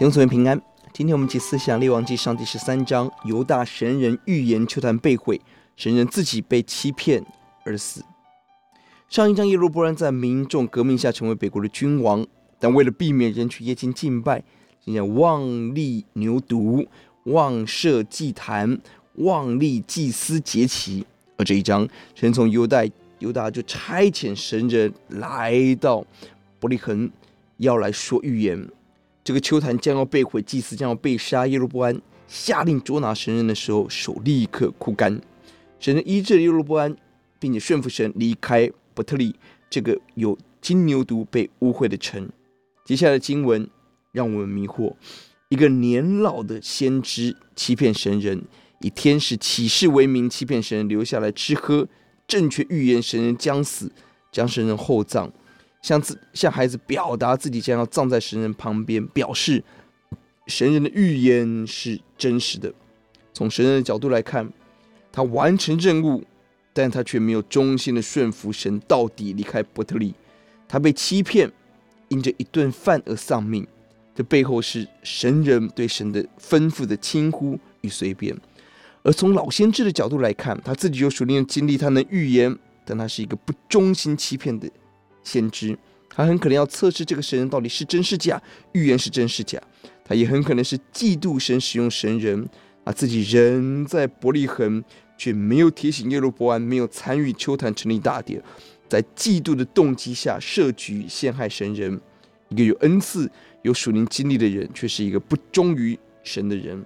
同所願平安。今天我們一起思想《列王記上》第十三章，猶大神人預言邱壇被毀，神人自己被欺騙而死。上一章耶羅波安在民眾革命下成為北國的君王，但為了避免人去耶京敬拜，竟然妄立牛犢，妄設祭壇，妄立祭司節期。而這一章，神從猶大猶大就差遣神人來到伯利恆，要來說預言。這個邱壇將要被毀，祭司將要被殺。耶羅波安下令捉拿神人的時候，手立刻枯乾。神人醫治了耶羅波安，並且順服神離開伯特利這個有金牛犢被污穢的城。接下來的經文讓我們迷惑：一個年老的先知欺騙神人，以天使啟示為名欺騙神人留下來吃喝。正確預言神人將死，將神人厚葬。向自向孩子表達自己將要葬在神人旁邊，表示神人的預言是真實的。從神人的角度來看，他完成任務，但他卻沒有忠心的順服神到底離開伯特利，他被欺騙，因着一頓飯而喪命。這背後是神人對神的吩咐的輕忽與隨便。而從老先知的角度來看，他自己有屬靈的經歷，他能預言，但他是一個不忠心欺騙的。先知，他很可能要測試這個神人到底是真是假，預言是真是假。他也很可能是嫉妒神使用神人，啊，他自己人在伯特利，卻沒有提醒耶羅波安，沒有參與邱壇成立大典，在嫉妒的動機下設局陷害神人。一個有恩賜、有屬靈經歷的人，卻是一個不忠於神的人。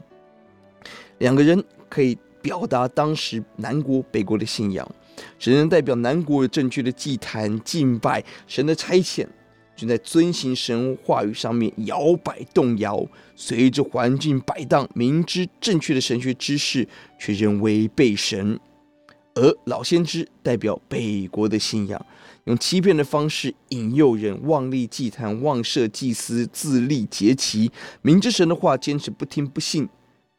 兩個人可以表達當時南國北國的信仰。神人代表南國，正確的祭壇敬拜，神的差遣，卻在遵行神話語上面搖擺動搖，隨着環境擺盪，明知正確的神學知識卻仍違背神；而老先知代表北國的信仰，用欺騙的方式引誘人妄立祭壇、妄設祭司、自立節期，明知神的話堅持不聽不信，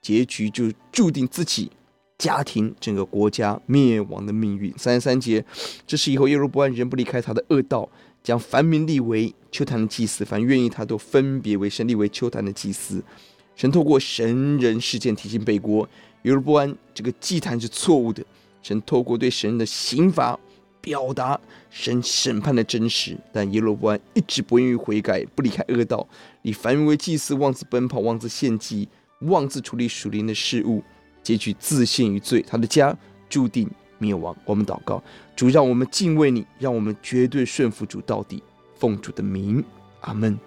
結局就注定自己。家庭、整個國家滅亡的命運。三十三節，這是以後耶羅波安仍不離開他的惡道，將凡民立為丘壇的祭司，凡願意他都分別為神立為丘壇的祭司。神透過神人事件提醒北國耶羅波安，這個祭壇是錯誤的。神透過對神人的刑罰，表達神審判的真實。但耶羅波安一直不願意悔改，不離開惡道，以凡民為祭司，妄自奔跑，妄自獻祭，妄自處理屬靈的事務。結局，自陷於罪，他的家註定滅亡。我們禱告，主，讓我們敬畏你，讓我們絕對順服主到底，奉主的名，阿門。